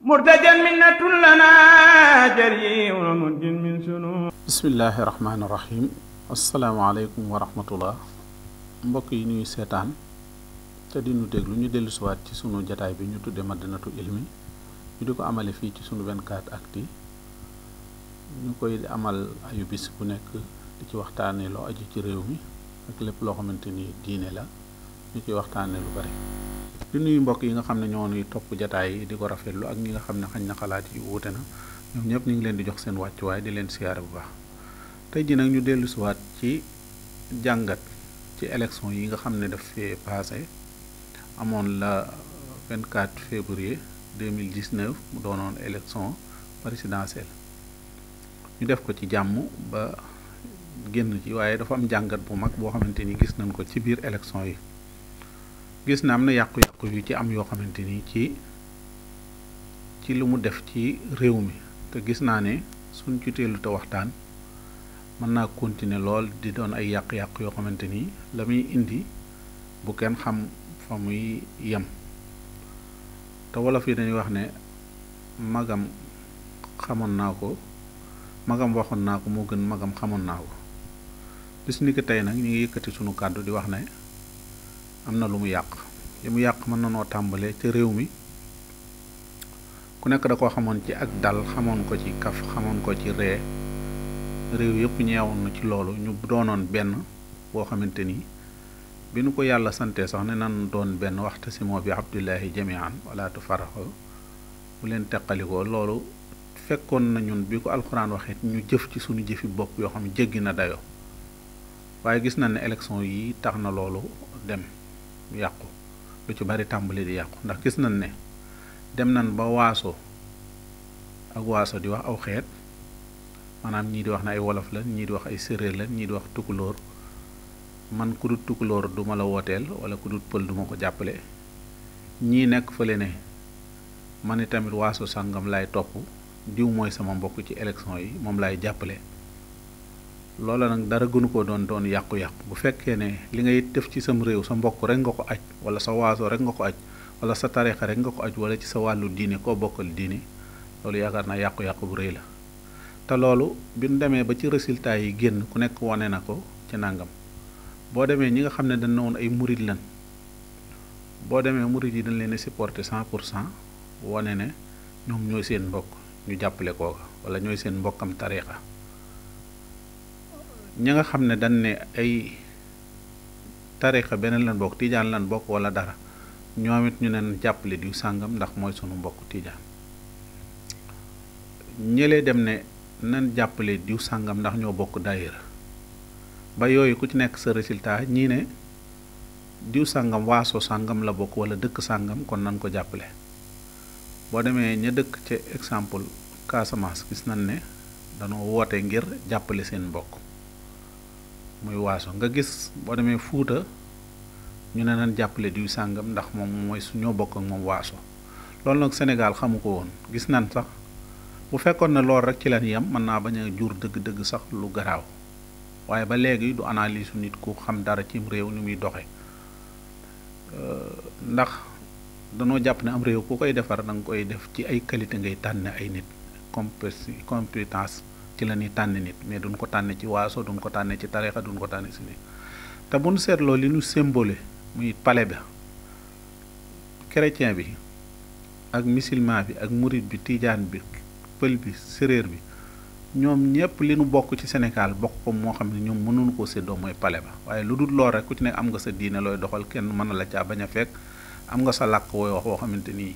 murtajan minnatun lana jariun munjin min sunu bismillahi rahmaani rahim asalaamaaleykum wa rahmatullah mbokk yi ñuy seetaan te di ñu déglu ñu dellusiwaat ci sunu jataay bi ñu tuddee madinatu ilmi ñu di ko amale fii ci sunu 24 actu ñu koy amal ayu bu nekk di ci waxtaanee loo aju ci réew mi ak lépp loo xamante ni diine la ñu ciy waxtaane lu bari di nuyu mbokk yi nga xam ne ñoo nuy topp jataay yi di ko rafetlu ak ñi nga xam ne xañ na xalaat yi wuute na ñoom ñëpp ñu ngi leen di jox seen wàccuwaay di leen siyaare bu baax tey ji nag ñu dellu siwaat ci jàngat ci élection yi nga xam ne daf fee passé amoon la 24 février 2019 mu doonoon élection présidentielle ñu def ko ci jàmm ba génn ci waaye dafa am jàngat bu mag boo xamante ni gis nañ ko ci biir élection yi gis na am na yàqu-yàqu yu ci am yoo xamante ni ci ci lu mu def ci réew mi te gis naa ne suñ ci teelu te waxtaan mën naa continuer lool di doon ay yàq yàq yoo xamante ni la muy indi bu kenn xam fa muy yem te wolof yi dañuy wax ne magam xamoon naa ko magam waxoon naa ko moo gën magam xamoon naa ko bis ni ko tey nag ñu ngi yëkkati sunu kàddu di wax ne am na lu mu yàq li mu yàq mën na noo tàmbalee ca réew mi ku nekk da koo xamoon ci ak dal xamoon ko ci kaf xamoon ko ci ree réew yépp ñeewoon na ci loolu ñu doonoon benn boo xamante ni bi nu ko yàlla sante sax ne nan doon benn waxta si moo bi abdullahi jamian walaatu tufaraxo bu leen teqalikoo loolu fekkoon nañu ñun bi ko alxuraan waxit ñu jëf ci suñu jëfi bopp yoo xam ne jéggi na dayo waaye gis na ne élection yi tax na loolu dem yàqu lu ci bari tàmbali di yàqu ndax gis nañ ne dem nañ ba waaso ak waaso di wax aw xeet maanaam ñii di wax na ay wolof la ñii di wax ay séréer la ñii di wax tukulóor man ku dut tukulóor du ma la wooteel wala ku dut pël du ko jàppale ñii nekk fële ne man tamit waaso sàngam laay topp diw mooy sama mbokk ci élection yi moom laay jàppale loolu nag dara gënu ko doon doon yàqu-yàqu bu fekkee ne li ngay def ci sam réew sa mbokk rek nga ko aj wala sa waaso rek nga ko aj wala sa tarixa rek nga ko aj wala ci sa wàllu diine koo bokkal diine loolu yaakaar naa yàqu-yàqu bu rëy la te loolu bi ñu demee ba ci résultat yi génn ku nekk wane na ko ci nàngam boo demee ñi nga xam ne dañ na woon ay murit lan boo demee murit yi dañ leen supporté cent pour cent wane ne ñoom ñooy seen mbokk ñu jàppale kooka wala ñooy seen mbokkam tarixa ñi nga xam ne dañ ne ay tarixa beneen lan bokk tijaan lan bokk wala dara ñoom it ñu neen jàppale diw sàngam ndax mooy sunu mbokk tijaan ñëlee dem ne nan jàppale diw sàngam ndax ñoo bokk daayira ba yooyu ku ci nekk sa résultat ñii ne diw sàngam waaso sàngam la bokk walla dëkk sàngam kon nan ko jàppale boo demee ña dëkk ca exemple Casamance gis nañ ne danoo woote ngir jàppale seen mbokk muy waaso nga gis boo demee fuuta ñu ne nañ jàppale diw sàngam ndax moom mooy ñoo bokk moom waaso loolu nag Sénégal xamu ko woon gis nan sax bu fekkoon ne loolu rek ci lañ yem mën naa bañ a jur dëgg-dëgg sax lu garaaw waaye ba léegi du analyse nit ku xam dara cim réew ni muy doxe ndax danoo jàpp ne am réew ku koy defar danga koy def ci ay qualité ngay tànn ay nit compétence ci la ñuy tànn nit mais duñ ko tànn ci waaso duñ ko tànn ci tarixa duñ ko tànn si ni te buñ seetloo li ñu symbole muy pale ba chrétien bi ak musulman bi ak murit bi tijaan bi pël bi séréer bi ñoom ñëpp li nu bokk ci Sénégal bokk ko moo xam ne ñoom mënuñu koo séddoo mooy pale ba waaye lu dul lool rek ku ci nekk am nga sa diine looy doxal kenn mën na la caa bañ a fekk am nga sa làkk wooy wax boo xamante ni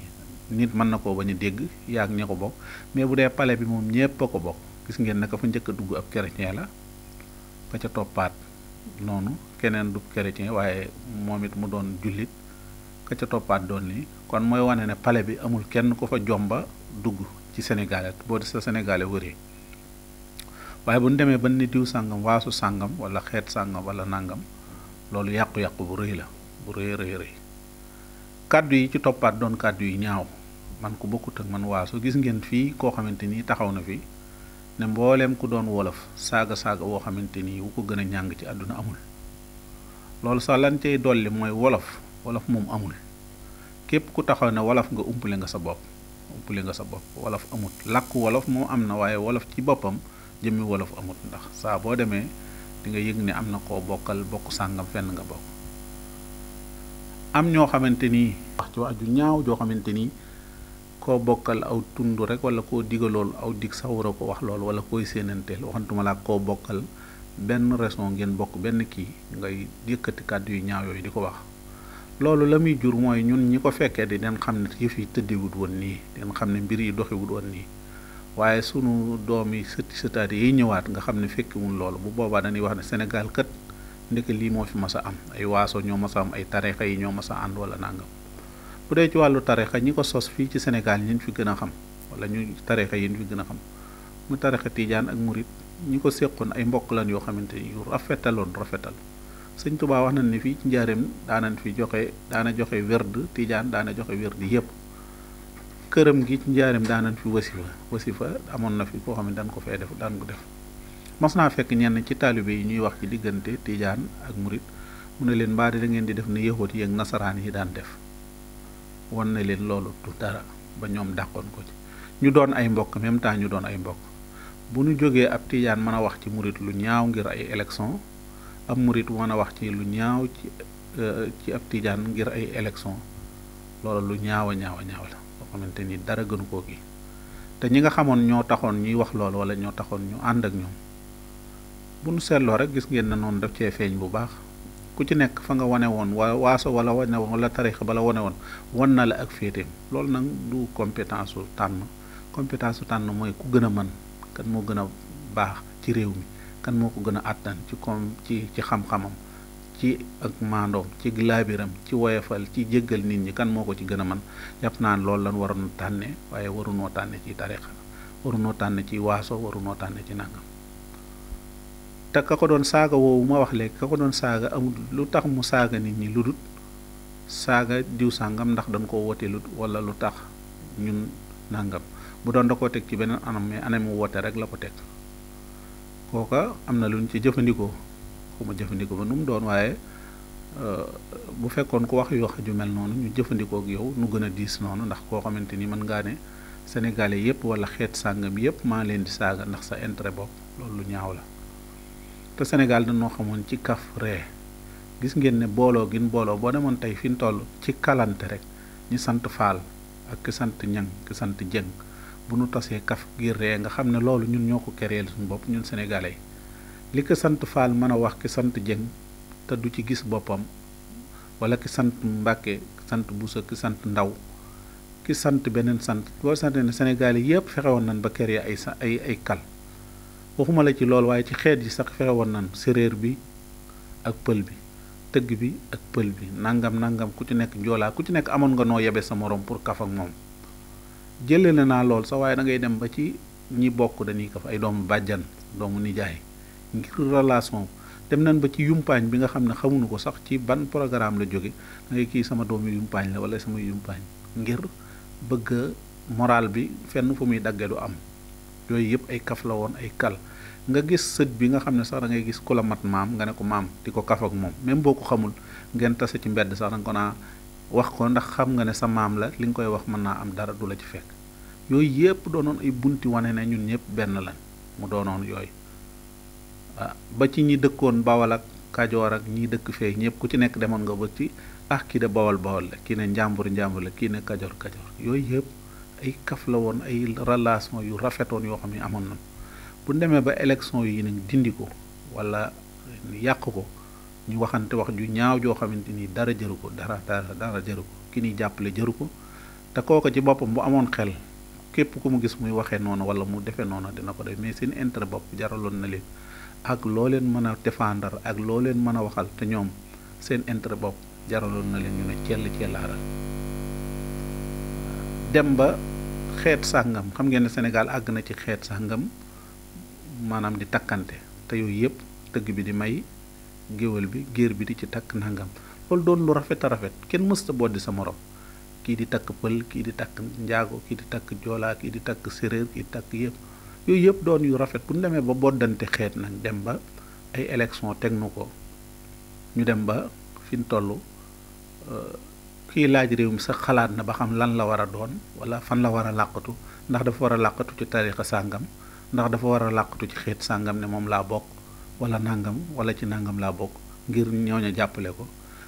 nit mën na koo bañ a dégg yaa ak ña ko bokk mais bu dee pale bi moom ñëpp a ko bokk. gis ngeen ne ka fa njëkk a dugg ab chrétien la ka ca toppaat noonu keneen du chrétien waaye moom it mu doon jullit ka ca toppaat doon nii kon mooy wane ne pale bi amul kenn ku fa jomba dugg ci Sénégal boo di sa Sénégalais wëree waaye bu ñu demee ba ni diw sàngam waasu sàngam wala xeet sàngam wala nàngam loolu yàqu-yàqu bu rëy la bu rëy rëy rëy kàddu yi ci toppaat doon kàddu yi ñaaw man ku bokkut ak man waasu gis ngeen fii koo xamante ni taxaw na fi. ne mbooleem ku doon wolof saaga saaga woo xamante ni wu ko gën a ñàng ci àdduna amul loolu sax lan cay dolli mooy wolof wolof moom amul képp ku taxaw ne wolof nga umpale nga sa bopp umpale nga sa bopp wolof amut làkk wolof moom am na waaye wolof ci boppam jëmmi wolof amut ndax saa boo demee di nga yëg ni am na koo bokkal bokk sàngam fenn nga bokk am ñoo xamante ni wax ci wax ju ñaaw joo xamante nii koo bokkal aw tund rek wala koo digalool aw dig sax war a ko wax loolu wala koy séenanteel waxantuma laa koo bokkal benn raison ngeen bokk benn kii ngay yëkkati kàddu yu ñaaw di ko wax loolu la muy jur mooy ñun ñi ko fekkee di den xam ne yëf yi tëddewut woon nii den xam ne mbir yi doxiwut woon nii waaye sunu doom yi sëti sëtaat yi ñëwaat nga xam ne fekkiwul loolu bu boobaa danuy wax ne Sénégal kat ndeke lii moo fi mas a am ay waaso ñoo mas a am ay tarixa yi ñoo mas a ànd wala nangam bu dee ci wàllu tarixa ñi ko sos fii ci Sénégal ñin fi gën a xam wala ñu tarixa yin fi gën a xam mu tarixa tiijaan ak murit ñi ko séqoon ay mbokk lan yoo xamante ni yu rafetaloon rafetal sëñ Tuubaa wax nañ ni fii ci njaareem daanañ fi joxe daana joxe werd tiijaan daana joxe werd yépp këram gi ci njaareem daanañ fi wasifa wasifa amoon na fi koo xam ne daan ko fee def daan ko def mas naa fekk ñenn ci taalibe yi ñuy wax ci diggante tiijaan ak murit mu ne leen mbaa da ngeen di def ne yëxoot yi nasaraan yi daan def won na leen loolu du dara ba ñoom dàqoon ko ci ñu doon ay mbokk même temps ñu doon ay mbokk bu ñu jógee ab tijaan mën a wax ci murit lu ñaaw ngir ay élection ab murit mën a wax ci lu ñaaw ci euh, ci ab tijaan ngir ay élection loolu lu ñaaw a ñaaw a la boo xamante ni dara gënu koo gi te ñi nga xamoon ñoo taxoon ñuy wax loolu wala ñoo taxoon ñu ànd ak ñoom bu ñu seetloo rek gis ngeen na noonu daf cee feeñ bu baax ku ci nekk fa nga wane woon wa waaso wala wane woon wala tarixa bala wane woon wan na la ak féeteem loolu nag du compétence su tànn compétence su tànn mooy ku gën a mën kan moo gën a baax ci réew mi kan moo ko gën a àttan ci kom ci ci xam-xamam ci ak maandoom ci laabiram ci woyafal ci jéggal nit ñi kan moo ko ci gën a mën jàpp naan loolu lan waroon tànne waaye warunoo tànne ci tarixa warunoo tànne ci waaso warunoo tànne ci nangam te ka ko doon saaga woowu ma wax léegi ka ko doon saaga amul lu tax mu saaga nit ñi lu dul saaga diw sàngam ndax dañ koo wootee lu wala lu tax ñun nàngam bu doon da koo teg ci beneen anam mais anam mu woote rek la ko teg kooka am na lu ñu ci jëfandikoo xuma jëfandikoo nu mu doon waaye euh, bu fekkoon ku wax yoo wax ju mel noonu ñu jëfandikoo yow nu gën a diis noonu ndax koo xamante ni mën ngaa ne sénégalais yépp wala xeet sàngam yépp maa leen di saaga ndax sa intérêt bopp loolu lu ñaaw la te Sénégal dañoo xamoon ci kaf ree gis ngeen ne booloo gin booloo boo demoon tey fi mu toll ci kalante rek ñi sant Faal ak ki sant ñan ki sant Jëng bu nu tasee kaf ngir ree nga xam ne loolu ñun ñoo ko kereel suñu bopp ñun sénégalais li ko sant Faal mën a wax ki sant Jëng te du ci gis boppam wala ki sant Mbàkke ki sant Buusa ki sant Ndaw ki sant beneen sant boo sante ne sénégalais yépp fexewoon nañ ba keree ay ay ay kal waxuma la ci loolu waaye ci xeet yi sax fexe woon nan séréer bi ak pël bi tëgg bi ak pël bi nangam nangam ku ci nekk njoolaa ku ci nekk amoon nga noo yebe sa moroom pour kaf ak moom jëlee la naa lool sa waaye da ngay dem ba ci ñi bokk dañuy kaf ay doomu bàjjan doomu nijaay ngir relation dem nañ ba ci yumpaañ bi nga xam ne xamuñu ko sax ci ban programme la jóge da ngay kii sama doomu yumpaañ la wala sama yumpaañ ngir bëgg moral bi fenn fu muy dagge du am yooyu yëpp ay kaf la woon ay kal nga gis sët bi nga xam ne sax da ngay gis ku la mat maam nga ne ko maam di ko kaf ak moom même boo ko xamul ngeen tase ci mbedd sax da nga ko naa wax ko ndax xam nga ne sa maam la li nga koy wax mën naa am dara du la ci fekk yooyu yëpp doonoon ay bunti wane ne ñun ñëpp benn lañ mu doonoon yooyu ah, ba ci ñi dëkkoon bawal ak kajoor ak ñi dëkk fee ñëpp ku ci nekk demoon nga bët ci ah kii de bawal bawal la kii ne njàmbur la kii ne kajoor kajoor yooyu yëpp ay kaf la woon ay relation yu rafetoon yoo xam ne amoon na bu ñu demee ba élection yi nag dindi ko wala yàq ko ñu waxante wax ju ñaaw joo xamante ni dara jëru ko dara dara dara jëru ko ki nuy jàppale jëru ko te kooko ci boppam bu amoon xel képp ku mu gis muy waxee noonu wala mu defee noonu dina ko def mais seen intérêt bopp jaraloon na leen ak loo leen mën a défendre ak loo leen mën a waxal te ñoom seen intérêt bopp jaraloon na leen ñu ne cell cellaaral dem ba xeet sàngam xam ngeen ne Sénégal àgg na ci xeet sàngam maanaam di takkante te yooyu yëpp tëgg bi di may géwél bi géer bi di ci takk nangam loolu doon lu rafet a rafet kenn mësta boddi sa moroom kii di takk pël kii di takk njaago kii di takk joolaa kii di takk séréer kii di takk yëpp yooyu yëpp doon yu rafet bu ñu demee ba boddante xeet nag dem ba ay élection teg nu ko ñu dem ba fi ñu toll euh, kii laaj réew mi sax xalaat na ba xam lan la war a doon wala fan la war a làqatu ndax dafa war a làqatu ci tariqa sàngam ndax dafa war a làqatu ci xeet sàngam ne moom laa bokk wala nàngam wala ci nàngam laa bokk ngir ñooñu jàppale ko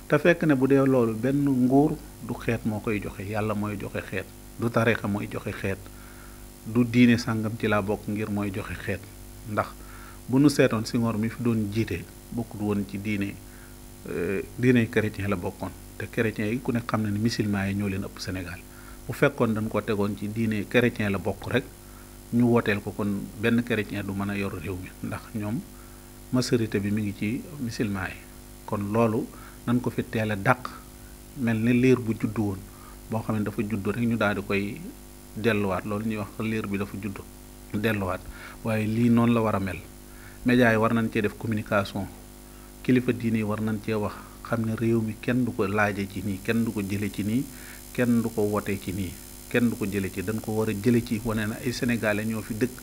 te fekk ne bu dee loolu benn nguur du xeet moo koy joxe yàlla mooy joxe xeet du tariqa mooy joxe xeet du diine sàngam ci laa bokk ngir mooy joxe xeet ndax bu nu seetoon si Senghor mi fi doon jiite bokkul woon ci diine euh, diine chrétien la bokkoon te chrétiens yi ku ne xam na ni musulman yi ñoo leen ëpp Sénégal bu fekkoon dañ ko tegoon ci diine chrétien la bokk rek ñu wooteel ko kon benn chrétien du mën a yor réew mi ndax ñoom majorité bi mi ngi ci musulman yi kon loolu nañ ko fi teel a dàq mel ni liir bu juddu woon boo xam ne dafa juddu rek ñu daal di koy delluwaat loolu ñuy wax liir bi dafa juddu delluwaat waaye lii noonu la war a mel médias yi war nañ cee def communication kilifa diine yi war nañ cee wax xam ne réew mi kenn du ko laaje ci nii kenn du ko jële ci nii kenn du ko wotee ci nii kenn du ko jële ci dañ ko war a jële ci wane na ay sénégalais ñoo fi dëkk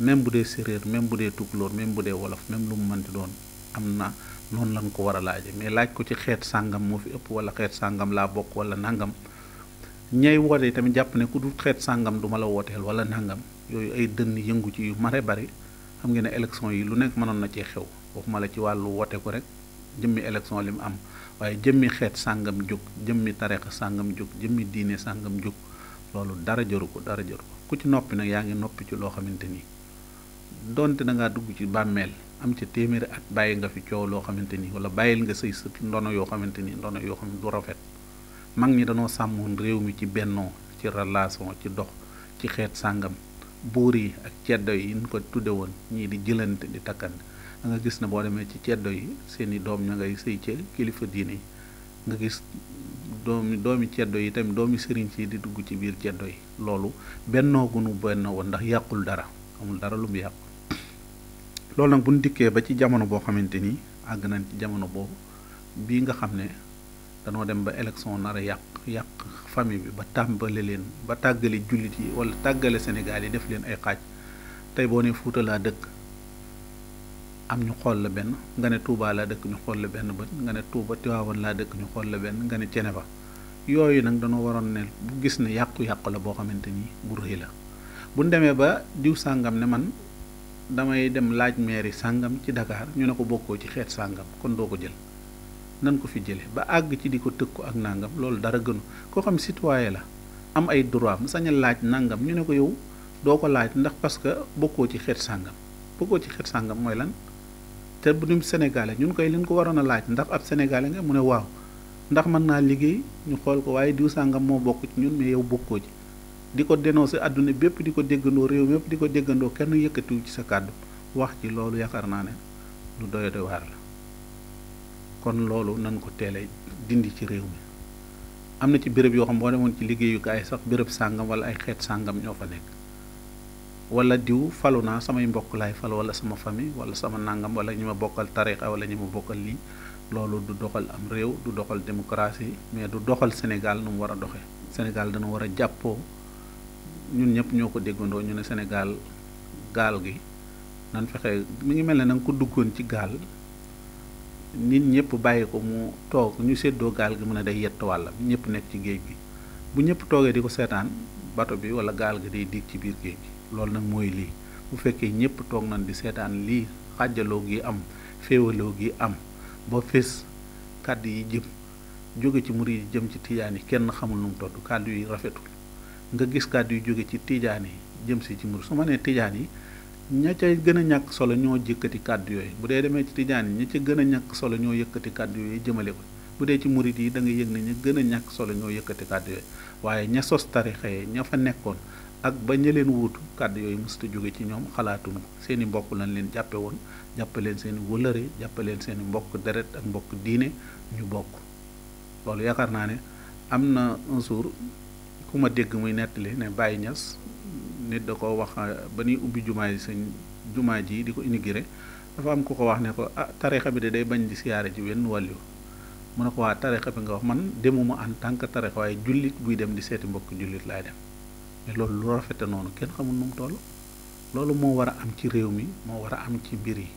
même bu dee séréer même bu dee tukulóor même bu dee wolof même lu mu mënti doon am na noonu lañ ko war a laaje mais laaj ko ci xeet sàngam moo fi ëpp wala xeet sàngam laa bokk wala nangam ñay woote tamit jàpp ne ku dul xeet sàngam du ma la wooteel wala nangam yooyu ay dënn yëngu ci yu mare bari xam ngeen ne élection yi lu nekk mënoon na cee xew waxuma la ci wàllu woote ko rek jëmmi élection li mu am waaye jëmmi xeet sàngam jóg jëmmi tarixa sàngam jóg jëmmi diine sàngam jóg loolu dara jëru ko dara jëru ko ku ci noppi nag yaa ngi noppi ci loo xamante ni donte da ngaa dugg ci bàmmeel am ca téeméeri at bàyyi nga fi coow loo xamante ni wala bàyyil nga say sët ndono yoo xamante ni ndono yoo xam du rafet mag ñi danoo sàmmoon réew mi ci bennoo ci relation ci dox ci xeet sàngam buur yi ak ceddo yi ñu ko tudde woon ñii di jëlante di takkante nga gis ne boo demee ci ceddo yi seen doom ña ngay sëy ci kilifa diine yi nga gis doomi doomi ceddo yi tamit doomi sëriñ si di dugg ci biir ceddo yi loolu bennoo gunu benn woon ndax yàqul dara amul dara lu mu yàqu loolu nag bu ñu dikkee ba ci jamono boo xamante ni àgg nañ ci jamono boobu bii nga xam ne danoo dem ba élection nara yàq yàq famille bi ba tàmbale leen ba tàggalee jullit yi wala tàggale senegal yi def leen ay xaaj tey boo ne Fuuta laa dëkk am ñu xool la benn nga ne Touba laa dëkk ñu xool la benn bët nga ne Touba Tivaouane laa dëkk ñu xool la benn nga ne ba yooyu nag dañoo waroon ne bu gis ne yàqu-yàqu la boo xamante ni bu rëy la bu ñu demee ba diw sàngam ne man damay dem laaj mairie sàngam ci Dakar ñu ne ko bokkoo ci xeet sàngam kon doo ko jël nan ko fi jële ba àgg ci di ko tëkku ak nangam loolu dara gënu koo xam citoyen la am ay droit mu sañ laaj nangam ñu ne ko yow doo ko laaj ndax parce que bokkoo ci xeet sàngam bokkoo ci sàngam mooy lan te bu ñu sénégalais ñun koy liñ ko waroon a laaj ndax ab sénégalais nga mu ne waaw ndax mën naa liggéey ñu xool ko waaye diw sàngam moo bokk ci ñun mais yow bokkoo ci di ko denoo dénoncé àdduna bépp di ko déggandoo réew mépp di ko déggandoo kenn yëkkatiw ci sa kàddu wax ci loolu yaakaar naa ne lu doy doy waar la kon loolu nan ko teele dindi ci réew mi am na ci béréb yoo xam boo demoon ci liggéeyukaay sax béréb sàngam wala ay xeet sàngam ñoo fa nekk wala diw falu naa samay mbokk laay fal wala sama famille wala sama nangam wala ñu ma bokkal tariqa wala ñu ma bokkal lii loolu du doxal am réew du doxal démocratie mais du doxal Sénégal nu mu war a doxe Sénégal dana war a jàppoo ñun ñëpp ñoo ko déggandoo ñu ne Sénégal gaal gi nan fexe mu ngi mel ne nanga ko duggoon ci gaal nit ñëpp bàyyi ko mu toog ñu séddoo gaal gi mu a day yett wàllam ñëpp nekk ci géej gi bu ñëpp toogee di ko seetaan bato bi wala gaal gi day diig ci biir géej gi loolu nag mooy lii bu fekkee ñëpp toog nañ di seetaan lii xàjjaloo gi am féewaloo gi am ba fés kàddu yi jëm jóge ci murid yi jëm ci tijaan yi kenn xamul nu mu todd kàddu yi rafetul nga gis kàddu yi jóge ci tijaan yi jëm si ci murid su ma nee tijaan yi ña ca gën a ñàkk solo ñoo jëkkati kàdd yooyu bu dee demee ci tijaan yi ña ca gën a ñàkk solo ñoo yëkkati kàddu yooyu jëmale ko bu dee ci murid yi da nga yëg ne ña gën a ñàkk solo ñoo yëkkati kàdd yooyu waaye ña sos tarixa yi fa nekkoon ak ba ña leen wuutu kàddu yooyu mësuta jóge ci ñoom xalaatuñu seeni i mbokk lañ leen jàppe woon jàppe leen seen i wëlëre jàppe leen seen i mbokk deret ak mbokk diine ñu bokk loolu yaakaar naa ne am na un jour ku dégg muy nettali ne bàyyi ñas nit da ko wax ah, ba nuy ubbi jumaa ji sëñ jumaa ji di ko inaugurer dafa am ku ko wax ne ko ah tarixa bi de day bañ di siyaare ci wenn wàllu mu ne ko waa tarixa bi nga wax man demuma en tant que tarixa waaye jullit buy dem di seeti mbokk jullit laay dem loolu lu rafete noonu kenn xamul nu mu toll loolu moo war a am ci réew mi moo war a am ci mbir yi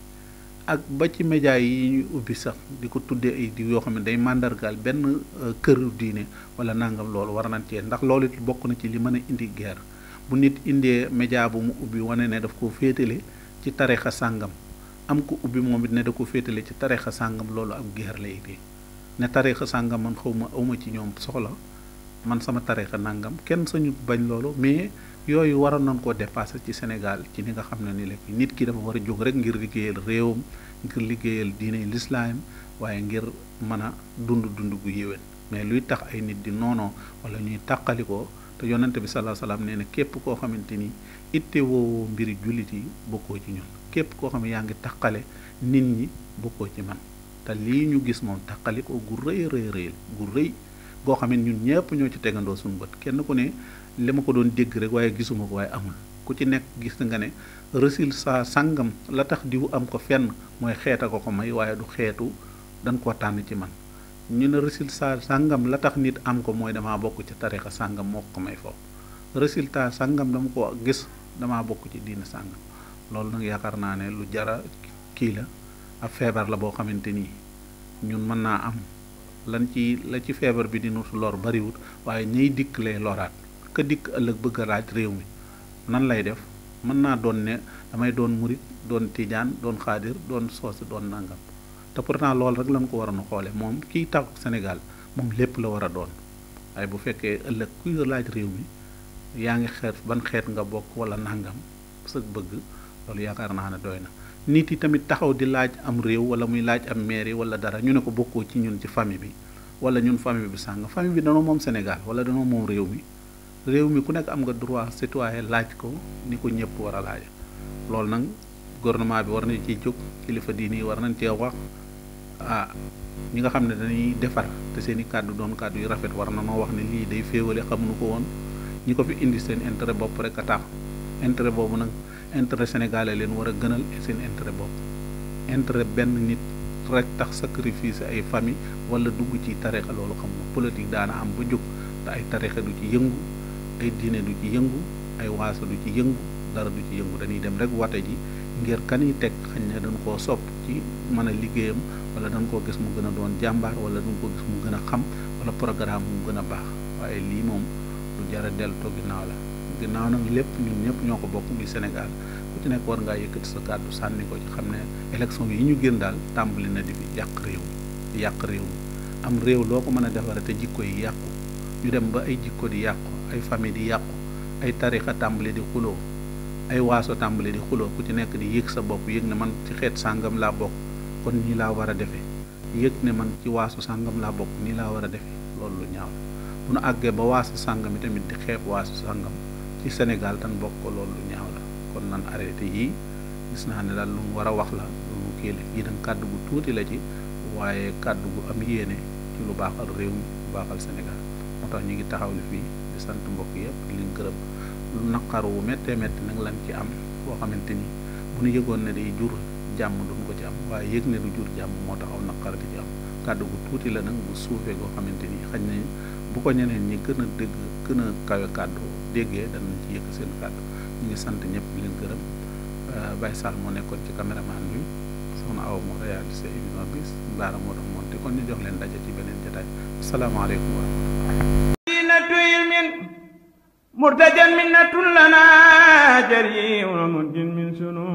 ak ba ci média yi ñuy ubbi sax di ko tuddee ay di yoo xam ne day màndargaal benn euh, këru diine wala nangam loolu war nañ cee ndax bokk na ci li mën a indi guerre bu nit indee média bu mu ubbi wane ne daf ko féetale ci tarixa sàngam am ko ubbi moom it ne da ko féetale ci tarixa sàngam loolu ab guerre lay indi ne tarixa sàngam man xaw ma awma ci ñoom soxla man sama tarixa nangam kenn sañu bañ loolu mais yooyu waroon nañ koo dépassé ci Sénégal ci ni nga xam ne ni la nit ki dafa war a jóg rek ngir liggéeyal réewam ngir liggéeyal diine lislaam waaye ngir mën a dund dund gu yéwén mais luy tax ay nit di noonoo wala ñuy tàqalikoo te yonante bi salaa salaam nee na képp koo xamante ni itte woowoo mbiri jullit yi bokkoo ci ñun képp koo xam ne yaa ngi taqale nit ñi bokkoo ci man te lii ñu gis moom taqalikoo gu rëy rëy rëy gu goo xam ne ñun ñëpp ñoo ci tegandoo suñu bët kenn ku ne li ma ko doon dégg rek waaye gisuma ko waaye amul ku ci nekk gis nga ne résultat sàngam la tax diw am ko fenn mooy xeet ko ko may waaye du xeetu dañ ko tànn ci man ñu ne résultat sàngam la tax nit am ko mooy damaa bokk ci tarixa sàngam moo ko may foofu résultat sàngam dama ko gis damaa bokk ci diina sàngam loolu nag yaakaar naa ne lu jara kii la ab feebar la boo xamante nii ñun mën naa am lan ci la ci feebar bi di dinu lor bariwul waaye ñiy dikk lay loraat ka dikk ëllëg bëgg laaj réew mi nan lay def mën naa doon ne damay doon murit doon tijaan doon xaadir doon soose doon nangam te pourtant loolu rek lañ ko waroon a xoole moom kiy taw senegal moom lépp la war a doon waaye bu fekkee ëllëg kuy laaj réew mi yaa ngi xeet ban xeet nga bokk wala nangam sëg bëgg loolu yaakaar naa ne doy na nit yi tamit taxaw di laaj am réew wala muy laaj am mairie wala dara ñu ne ko bokkoo ci ñun ci famille bi wala ñun famille bi sàng famille bi danoo moom Sénégal wala danoo moom réew mi réew mi ku nekk am nga droit citoyen laaj ko ni ko ñëpp war a laaj loolu nag gouvernement bi war nañ ci jóg kilifa diini yi war nañ cee wax ah ñi nga xam ne dañuy defar te seen i kàddu doon kàddu yu rafet war na noo wax ne lii day féewale xamuñu ko woon ñi ko fi indi seen intérêt bopp rek a tax intérêt boobu nag intérêt sénégalais leen war a gënal seen intérêt bopp intérêt benn nit rek tax sacrifice ay famille wala dugg ci tarixa loolu xam nga politique daana am ba jóg te ay tarixa du ci yëngu ay diine du ci yëngu ay waasa du ci yëngu dara du ci yëngu dañuy dem rek wate ji ngir kan yi teg xañ ne dañ koo sopp ci mën a liggéeyam walla dañ koo gis mu gën a doon jàmbaar wala dañ koo gis mu gën a xam wala programme mu gën a baax waaye lii moom lu jara delto ginnaaw ginnaaw nag lépp ñun ñëpp ñoo ko bokk muy Sénégal ku ci nekk war ngaa yëkkati sa kàddu sànni ko ci xam ne élection yi ñu génn daal tàmbali na di yàq réew di yàq réew am réew loo ko mën a defare te jikko yi yàqu ñu dem ba ay jikko di yàqu ay famille di yàqu ay tarixa tàmbali di xuloo ay waaso tàmbali di xuloo ku ci nekk di yëg sa bopp yëg ne man ci xeet sàngam laa bokk kon nii laa war a defee yëg ne man ci waaso sàngam laa bokk nii laa war a defee loolu lu ñaaw bu ba waaso sàngam tamit di xeeb waaso ci Sénégal tan bokk loolu lu ñaaw la kon nan arrêté yii gis naa ne daal lu mu war a wax la lu mu kii la kàddu gu tuuti la ci waaye kàddu gu am yéene ci lu baaxal réew mi lu baaxal Sénégal moo tax ñu ngi taxaw li fii di sant mbokk yëpp di leen gërëm lu naqaru wu méttee métti nag lan ci am boo xamante ni bu nu yëgoon ne day jur jàmm duñ ko ci am waaye yëg ne du jur jàmm moo taxaw naqar di ci am kàddu gu tuuti la nag bu suufee goo xamante ni xañ na bu ko ñeneen ñi gën a dégg gën a kawe kàddu déggee danañ ci yëkk seen kàddu ñu ngi sant ñëpp di leen gërëm euh, Baye Sall moo nekkoon ci caméraman bi soxna Awa moo réalisé émission bi Daara moo doon monté kon ñu jox leen daje ci beneen jotaay asalaamaaleykum wa rahmatulah.